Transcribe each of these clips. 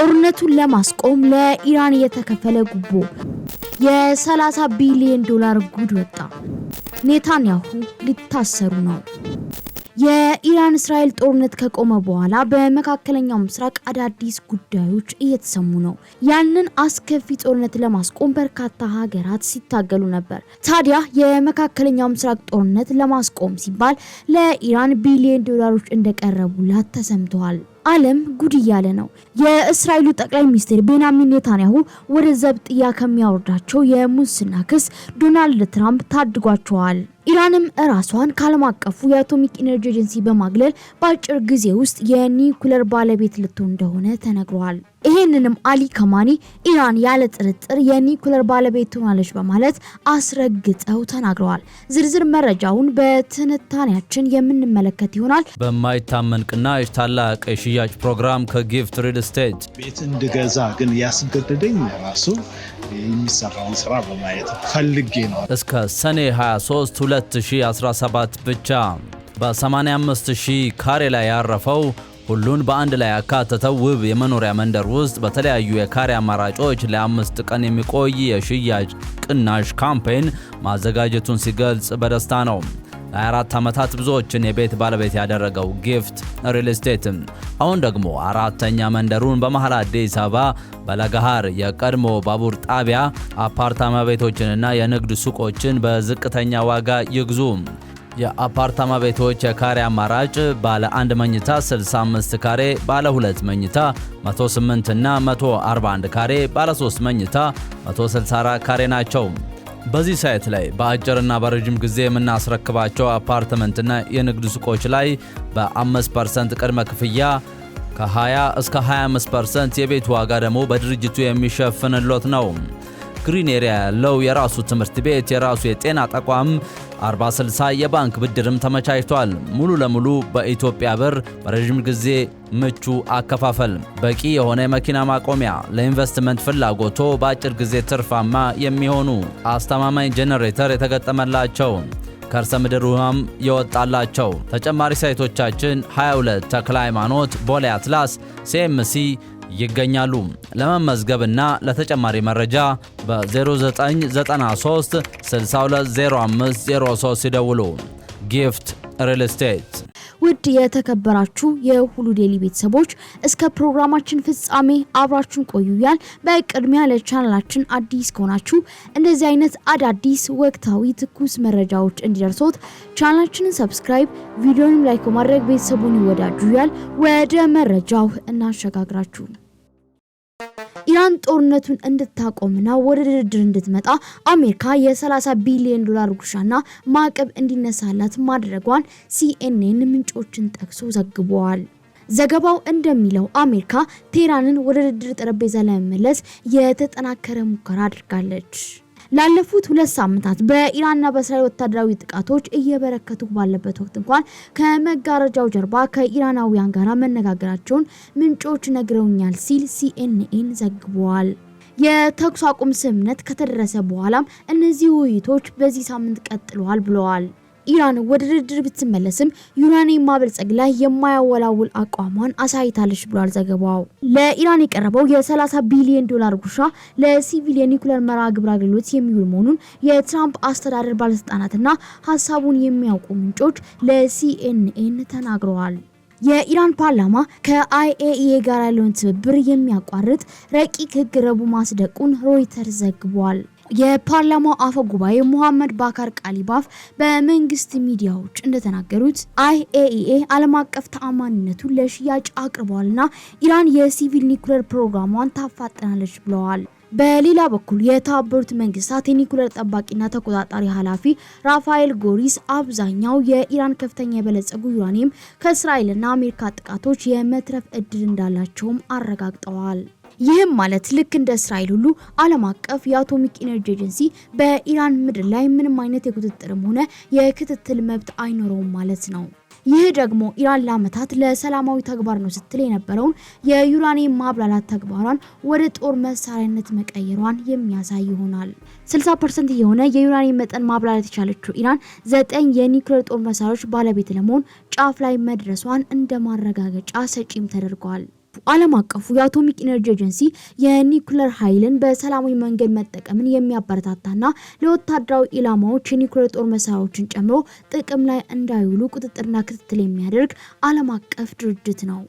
ጦርነቱን ለማስቆም ለኢራን የተከፈለ ጉቦ የ30 ቢሊዮን ዶላር ጉድ ወጣ። ኔታንያሁ ሊታሰሩ ነው። የኢራን እስራኤል ጦርነት ከቆመ በኋላ በመካከለኛው ምስራቅ አዳዲስ ጉዳዮች እየተሰሙ ነው። ያንን አስከፊ ጦርነት ለማስቆም በርካታ ሀገራት ሲታገሉ ነበር። ታዲያ የመካከለኛው ምስራቅ ጦርነት ለማስቆም ሲባል ለኢራን ቢሊዮን ዶላሮች እንደቀረቡላት ተሰምተዋል። ዓለም ጉድ እያለ ነው። የእስራኤሉ ጠቅላይ ሚኒስትር ቤንያሚን ኔታንያሁ ወደ ዘብጥያ ከሚያወርዳቸው የሙስና ክስ ዶናልድ ትራምፕ ታድጓቸዋል። ኢራንም እራሷን ከዓለም አቀፉ የአቶሚክ ኢነርጂ ኤጀንሲ በማግለል በአጭር ጊዜ ውስጥ የኒውክለር ባለቤት ልትሆን እንደሆነ ተነግሯል። ይህንንም አሊ ከማኒ ኢራን ያለ ጥርጥር የኒኩለር ባለቤት ትሆናለች በማለት አስረግጠው ተናግረዋል። ዝርዝር መረጃውን በትንታኔያችን የምንመለከት ይሆናል። በማይታመን ቅናሽ ታላቅ የሽያጭ ፕሮግራም ከጊፍት ሪል ስቴት ቤት እንድገዛ ግን ያስገደደኝ ራሱ የሚሰራውን ስራ በማየት ፈልጌ ነው። እስከ ሰኔ 23 2017 ብቻ በ85 ሺህ ካሬ ላይ ያረፈው ሁሉን በአንድ ላይ ያካተተው ውብ የመኖሪያ መንደር ውስጥ በተለያዩ የካሬ አማራጮች ለአምስት ቀን የሚቆይ የሽያጭ ቅናሽ ካምፔን ማዘጋጀቱን ሲገልጽ በደስታ ነው። ለአራት ዓመታት ብዙዎችን የቤት ባለቤት ያደረገው ጊፍት ሪል ስቴት አሁን ደግሞ አራተኛ መንደሩን በመሃል አዲስ አበባ በለገሃር የቀድሞ ባቡር ጣቢያ አፓርታማ ቤቶችንና የንግድ ሱቆችን በዝቅተኛ ዋጋ ይግዙ። የአፓርታማ ቤቶች የካሬ አማራጭ ባለ አንድ መኝታ 65 ካሬ፣ ባለ ሁለት መኝታ 108 እና 141 ካሬ፣ ባለ 3 መኝታ 164 ካሬ ናቸው። በዚህ ሳይት ላይ በአጭርና በረጅም ጊዜ የምናስረክባቸው አፓርትመንትና የንግድ ሱቆች ላይ በ5 ፐርሰንት ቅድመ ክፍያ ከ20 እስከ 25 ፐርሰንት የቤት ዋጋ ደግሞ በድርጅቱ የሚሸፍንሎት ነው። ግሪን ኤሪያ ያለው የራሱ ትምህርት ቤት፣ የራሱ የጤና ተቋም 460 የባንክ ብድርም ተመቻችቷል። ሙሉ ለሙሉ በኢትዮጵያ ብር በረዥም ጊዜ ምቹ አከፋፈል፣ በቂ የሆነ የመኪና ማቆሚያ፣ ለኢንቨስትመንት ፍላጎቶ በአጭር ጊዜ ትርፋማ የሚሆኑ አስተማማኝ ጄኔሬተር የተገጠመላቸው ከርሰ ምድር ውሃም የወጣላቸው ተጨማሪ ሳይቶቻችን 22 ተክለ ሃይማኖት፣ ቦሌ አትላስ፣ ሲኤምሲ ይገኛሉ። ለመመዝገብና ለተጨማሪ መረጃ በ0993 620503 ሲደውሉ ጊፍት ሪል ስቴት። ውድ የተከበራችሁ የሁሉ ዴሊ ቤተሰቦች እስከ ፕሮግራማችን ፍጻሜ አብራችሁን ቆዩ ያል። በቅድሚያ ለቻናላችን አዲስ ከሆናችሁ እንደዚህ አይነት አዳዲስ ወቅታዊ ትኩስ መረጃዎች እንዲደርሶት ቻናላችንን ሰብስክራይብ፣ ቪዲዮንም ላይክ በማድረግ ቤተሰቡን ይወዳጁ ያል። ወደ መረጃው እናሸጋግራችሁ። ኢራን ጦርነቱን እንድታቆምና ወደ ድርድር እንድትመጣ አሜሪካ የ30 ቢሊዮን ዶላር ጉርሻና ማዕቀብ እንዲነሳላት ማድረጓን ሲኤንኤን ምንጮችን ጠቅሶ ዘግቧል። ዘገባው እንደሚለው አሜሪካ ቴህራንን ወደ ድርድር ጠረጴዛ ለመመለስ የተጠናከረ ሙከራ አድርጋለች። ላለፉት ሁለት ሳምንታት በኢራንና በእስራኤል ወታደራዊ ጥቃቶች እየበረከቱ ባለበት ወቅት እንኳን ከመጋረጃው ጀርባ ከኢራናውያን ጋር መነጋገራቸውን ምንጮች ነግረውኛል ሲል ሲኤንኤን ዘግቧል። የተኩስ አቁም ስምምነት ከተደረሰ በኋላም እነዚህ ውይይቶች በዚህ ሳምንት ቀጥለዋል ብለዋል። ኢራን ወደ ድርድር ብትመለስም ዩራኒየም ማበልጸግ ላይ የማያወላውል አቋሟን አሳይታለች ብሏል ዘገባው። ለኢራን የቀረበው የ30 ቢሊዮን ዶላር ጉርሻ ለሲቪል ኒኩለር መርሃ ግብር አገልግሎት የሚውል መሆኑን የትራምፕ አስተዳደር ባለስልጣናትና ሀሳቡን የሚያውቁ ምንጮች ለሲኤንኤን ተናግረዋል። የኢራን ፓርላማ ከአይኤኢኤ ጋር ያለውን ትብብር የሚያቋርጥ ረቂቅ ህግ ረቡዕ ማስደቁን ሮይተርስ ዘግቧል። የፓርላማው አፈ ጉባኤ ሙሐመድ ባካር ቃሊባፍ በመንግስት ሚዲያዎች እንደተናገሩት አይኤኢኤ ዓለም አቀፍ ተአማኒነቱን ለሽያጭ አቅርቧልና ኢራን የሲቪል ኒኩሌር ፕሮግራሟን ታፋጠናለች ብለዋል። በሌላ በኩል የተባበሩት መንግስታት የኒኩለር ጠባቂና ተቆጣጣሪ ኃላፊ ራፋኤል ጎሪስ አብዛኛው የኢራን ከፍተኛ የበለጸጉ ዩራኒየም ከእስራኤልና አሜሪካ ጥቃቶች የመትረፍ እድል እንዳላቸውም አረጋግጠዋል። ይህም ማለት ልክ እንደ እስራኤል ሁሉ ዓለም አቀፍ የአቶሚክ ኢነርጂ ኤጀንሲ በኢራን ምድር ላይ ምንም አይነት የቁጥጥርም ሆነ የክትትል መብት አይኖረውም ማለት ነው። ይህ ደግሞ ኢራን ለዓመታት ለሰላማዊ ተግባር ነው ስትል የነበረውን የዩራኒየም ማብላላት ተግባሯን ወደ ጦር መሳሪያነት መቀየሯን የሚያሳይ ይሆናል። 60 ፐርሰንት የሆነ የዩራኒየም መጠን ማብላላት የቻለችው ኢራን ዘጠኝ የኒውክሌር ጦር መሳሪያዎች ባለቤት ለመሆን ጫፍ ላይ መድረሷን እንደ ማረጋገጫ ሰጪም ተደርጓል። ዓለም አቀፉ የአቶሚክ ኢነርጂ ኤጀንሲ የኒኩለር ኃይልን በሰላማዊ መንገድ መጠቀምን የሚያበረታታና ለወታደራዊ ኢላማዎች የኒውክሌር ጦር መሳሪያዎችን ጨምሮ ጥቅም ላይ እንዳይውሉ ቁጥጥርና ክትትል የሚያደርግ ዓለም አቀፍ ድርጅት ነው።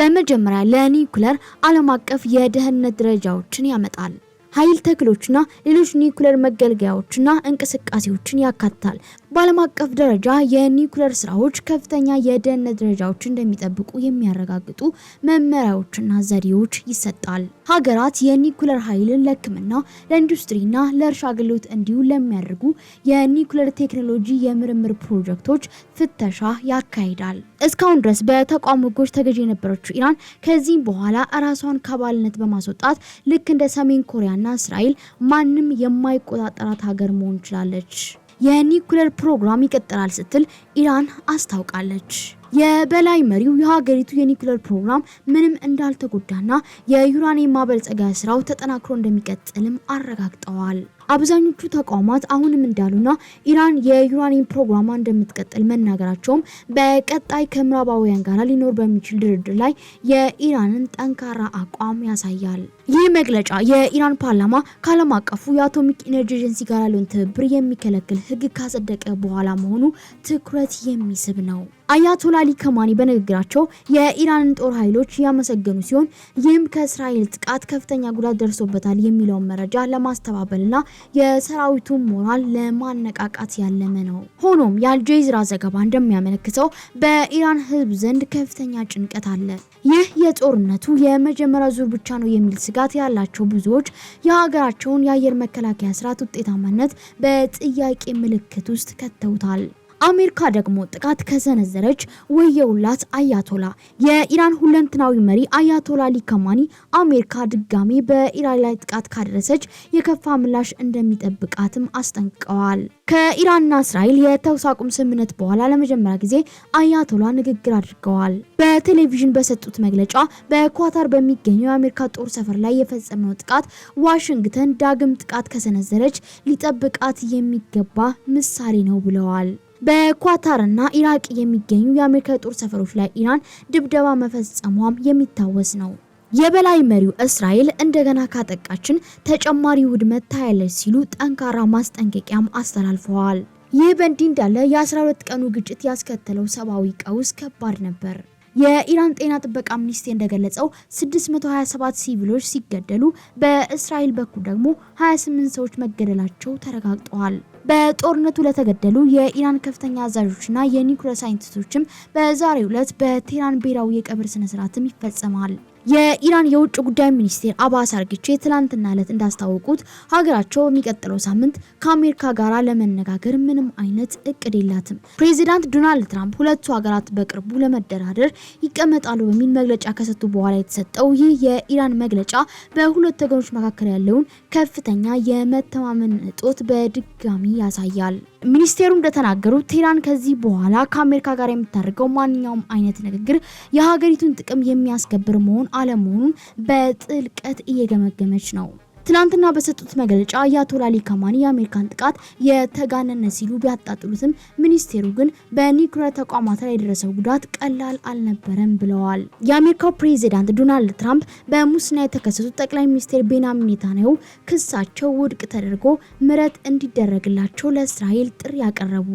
በመጀመሪያ ለኒውክሌር ዓለም አቀፍ የደህንነት ደረጃዎችን ያመጣል። ኃይል ተክሎችና ሌሎች ኒኩለር መገልገያዎችና እንቅስቃሴዎችን ያካትታል። በዓለም አቀፍ ደረጃ የኒውክሌር ስራዎች ከፍተኛ የደህንነት ደረጃዎች እንደሚጠብቁ የሚያረጋግጡ መመሪያዎችና ዘዴዎች ይሰጣል። ሀገራት የኒውክሌር ኃይልን ለሕክምና፣ ለኢንዱስትሪና ለእርሻ አገልግሎት እንዲሁም ለሚያደርጉ የኒውክሌር ቴክኖሎጂ የምርምር ፕሮጀክቶች ፍተሻ ያካሂዳል። እስካሁን ድረስ በተቋሙ ሕጎች ተገዥ የነበረችው ኢራን ከዚህም በኋላ ራሷን ከባልነት በማስወጣት ልክ እንደ ሰሜን ኮሪያና እስራኤል ማንም የማይቆጣጠራት ሀገር መሆን ችላለች። የኒውክሌር ፕሮግራም ይቀጥላል ስትል ኢራን አስታውቃለች። የበላይ መሪው የሀገሪቱ የኒውክሌር ፕሮግራም ምንም እንዳልተጎዳና የዩራኒየም ማበልጸጊያ ስራው ተጠናክሮ እንደሚቀጥልም አረጋግጠዋል። አብዛኞቹ ተቋማት አሁንም እንዳሉና ኢራን የዩራኒየም ፕሮግራሟ እንደምትቀጥል መናገራቸውም በቀጣይ ከምዕራባውያን ጋር ሊኖር በሚችል ድርድር ላይ የኢራንን ጠንካራ አቋም ያሳያል። ይህ መግለጫ የኢራን ፓርላማ ከዓለም አቀፉ የአቶሚክ ኤነርጂ ኤጀንሲ ጋር ያለውን ትብብር የሚከለክል ሕግ ካጸደቀ በኋላ መሆኑ ትኩረት የሚስብ ነው። አያቶላ አሊ ከማኒ በንግግራቸው የኢራንን ጦር ኃይሎች ያመሰገኑ ሲሆን ይህም ከእስራኤል ጥቃት ከፍተኛ ጉዳት ደርሶበታል የሚለውን መረጃ ለማስተባበልና የሰራዊቱን ሞራል ለማነቃቃት ያለመ ነው። ሆኖም የአልጀዚራ ዘገባ እንደሚያመለክተው በኢራን ሕዝብ ዘንድ ከፍተኛ ጭንቀት አለ። ይህ የጦርነቱ የመጀመሪያ ዙር ብቻ ነው የሚል ስጋት ያላቸው ብዙዎች የሀገራቸውን የአየር መከላከያ ስርዓት ውጤታማነት በጥያቄ ምልክት ውስጥ ከተውታል። አሜሪካ ደግሞ ጥቃት ከሰነዘረች ወየውላት አያቶላ። የኢራን ሁለንትናዊ መሪ አያቶላ ሊከማኒ አሜሪካ ድጋሚ በኢራን ላይ ጥቃት ካደረሰች የከፋ ምላሽ እንደሚጠብቃትም አስጠንቅቀዋል። ከኢራንና እስራኤል የተኩስ አቁም ስምምነት በኋላ ለመጀመሪያ ጊዜ አያቶላ ንግግር አድርገዋል። በቴሌቪዥን በሰጡት መግለጫ በኳታር በሚገኘው የአሜሪካ ጦር ሰፈር ላይ የፈጸመው ጥቃት ዋሽንግተን ዳግም ጥቃት ከሰነዘረች ሊጠብቃት የሚገባ ምሳሌ ነው ብለዋል። በኳታርና ኢራቅ የሚገኙ የአሜሪካ የጦር ሰፈሮች ላይ ኢራን ድብደባ መፈጸሟም የሚታወስ ነው። የበላይ መሪው እስራኤል እንደገና ካጠቃችን ተጨማሪ ውድመት ታያለች ሲሉ ጠንካራ ማስጠንቀቂያም አስተላልፈዋል። ይህ በእንዲህ እንዳለ የ12 ቀኑ ግጭት ያስከተለው ሰብአዊ ቀውስ ከባድ ነበር። የኢራን ጤና ጥበቃ ሚኒስቴር እንደገለጸው 627 ሲቪሎች ሲገደሉ በእስራኤል በኩል ደግሞ 28 ሰዎች መገደላቸው ተረጋግጠዋል። በጦርነቱ ለተገደሉ የኢራን ከፍተኛ አዛዦችና የኒውክሌር ሳይንቲስቶችም በዛሬው ዕለት በቴህራን ብሔራዊ የቀብር ስነስርዓትም ይፈጸማል። የኢራን የውጭ ጉዳይ ሚኒስቴር አባስ አርጊቼ ትላንትና ዕለት እንዳስታወቁት ሀገራቸው በሚቀጥለው ሳምንት ከአሜሪካ ጋር ለመነጋገር ምንም አይነት እቅድ የላትም። ፕሬዚዳንት ዶናልድ ትራምፕ ሁለቱ ሀገራት በቅርቡ ለመደራደር ይቀመጣሉ በሚል መግለጫ ከሰጡ በኋላ የተሰጠው ይህ የኢራን መግለጫ በሁለት ወገኖች መካከል ያለውን ከፍተኛ የመተማመን እጦት በድጋሚ ያሳያል። ሚኒስቴሩ እንደተናገሩት ቴህራን ከዚህ በኋላ ከአሜሪካ ጋር የምታደርገው ማንኛውም አይነት ንግግር የሀገሪቱን ጥቅም የሚያስከብር መሆን አለመሆኑን በጥልቀት እየገመገመች ነው። ትናንትና በሰጡት መግለጫ የአያቶላሊ ካማኒ የአሜሪካን ጥቃት የተጋነነ ሲሉ ቢያጣጥሉትም ሚኒስቴሩ ግን በኒውክሌር ተቋማት ላይ የደረሰው ጉዳት ቀላል አልነበረም ብለዋል። የአሜሪካው ፕሬዚዳንት ዶናልድ ትራምፕ በሙስና የተከሰሱት ጠቅላይ ሚኒስትር ቤንያሚን ኔታንያሁ ክሳቸው ውድቅ ተደርጎ ምረት እንዲደረግላቸው ለእስራኤል ጥሪ ያቀረቡ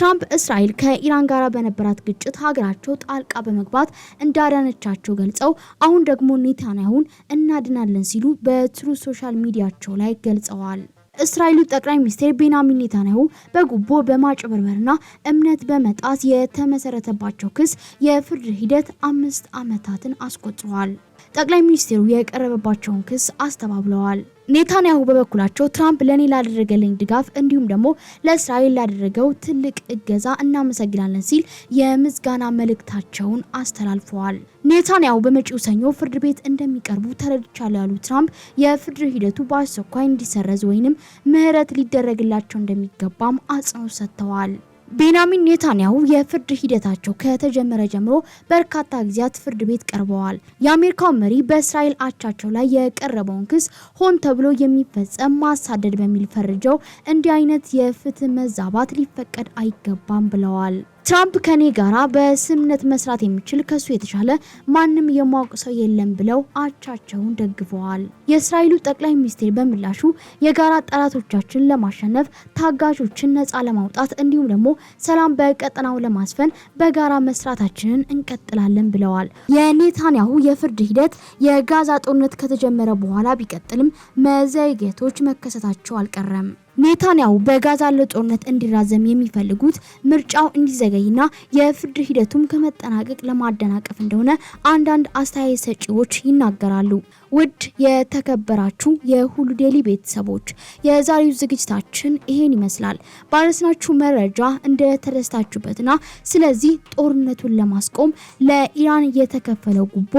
ትራምፕ እስራኤል ከኢራን ጋር በነበራት ግጭት ሀገራቸው ጣልቃ በመግባት እንዳዳነቻቸው ገልጸው አሁን ደግሞ ኔታንያሁን እናድናለን ሲሉ በትሩ ሶሻል ሚዲያቸው ላይ ገልጸዋል። እስራኤሉ ጠቅላይ ሚኒስትር ቤንያሚን ኔታንያሁ በጉቦ በማጭበርበርና እምነት በመጣስ የተመሰረተባቸው ክስ የፍርድ ሂደት አምስት ዓመታትን አስቆጥሯል። ጠቅላይ ሚኒስትሩ የቀረበባቸውን ክስ አስተባብለዋል። ኔታንያሁ በበኩላቸው ትራምፕ ለእኔ ላደረገልኝ ድጋፍ እንዲሁም ደግሞ ለእስራኤል ላደረገው ትልቅ እገዛ እናመሰግናለን ሲል የምስጋና መልእክታቸውን አስተላልፈዋል። ኔታንያሁ በመጪው ሰኞ ፍርድ ቤት እንደሚቀርቡ ተረድቻለሁ ያሉ ትራምፕ የፍርድ ሂደቱ በአስቸኳይ እንዲሰረዝ ወይንም ምህረት ሊደረግላቸው እንደሚገባም አጽንኦት ሰጥተዋል። ቤንያሚን ኔታንያሁ የፍርድ ሂደታቸው ከተጀመረ ጀምሮ በርካታ ጊዜያት ፍርድ ቤት ቀርበዋል። የአሜሪካው መሪ በእስራኤል አቻቸው ላይ የቀረበውን ክስ ሆን ተብሎ የሚፈጸም ማሳደድ በሚል ፈርጀው እንዲህ አይነት የፍትህ መዛባት ሊፈቀድ አይገባም ብለዋል። ትራምፕ ከኔ ጋራ በስምነት መስራት የሚችል ከሱ የተሻለ ማንም የማውቅ ሰው የለም ብለው አቻቸውን ደግፈዋል። የእስራኤሉ ጠቅላይ ሚኒስትር በምላሹ የጋራ ጠላቶቻችን ለማሸነፍ ታጋቾችን ነጻ ለማውጣት እንዲሁም ደግሞ ሰላም በቀጠናው ለማስፈን በጋራ መስራታችንን እንቀጥላለን ብለዋል። የኔታንያሁ የፍርድ ሂደት የጋዛ ጦርነት ከተጀመረ በኋላ ቢቀጥልም መዘግየቶች መከሰታቸው አልቀረም። ኔታንያሁ በጋዛ ያለው ጦርነት እንዲራዘም የሚፈልጉት ምርጫው እንዲዘገይና የፍርድ ሂደቱም ከመጠናቀቅ ለማደናቀፍ እንደሆነ አንዳንድ አስተያየት ሰጪዎች ይናገራሉ። ውድ የተከበራችሁ የሁሉ ዴይሊ ቤተሰቦች የዛሬው ዝግጅታችን ይሄን ይመስላል። ባረስናችሁ መረጃ እንደተደሰታችሁበትና ስለዚህ ጦርነቱን ለማስቆም ለኢራን የተከፈለው ጉቦ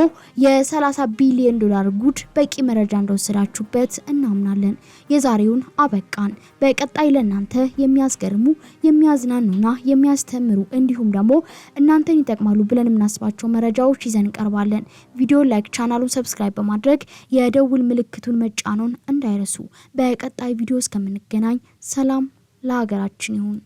የ30 ቢሊዮን ዶላር ጉድ በቂ መረጃ እንደወሰዳችሁበት እናምናለን። የዛሬውን አበቃን። በቀጣይ ለእናንተ የሚያስገርሙ የሚያዝናኑና የሚያስተምሩ እንዲሁም ደግሞ እናንተን ይጠቅማሉ ብለን የምናስባቸው መረጃዎች ይዘን እንቀርባለን። ቪዲዮ ላይክ፣ ቻናሉን ሰብስክራይብ በማድረግ የደውል ምልክቱን መጫኖን እንዳይረሱ። በቀጣይ ቪዲዮ እስከምንገናኝ ሰላም ለሀገራችን ይሁን።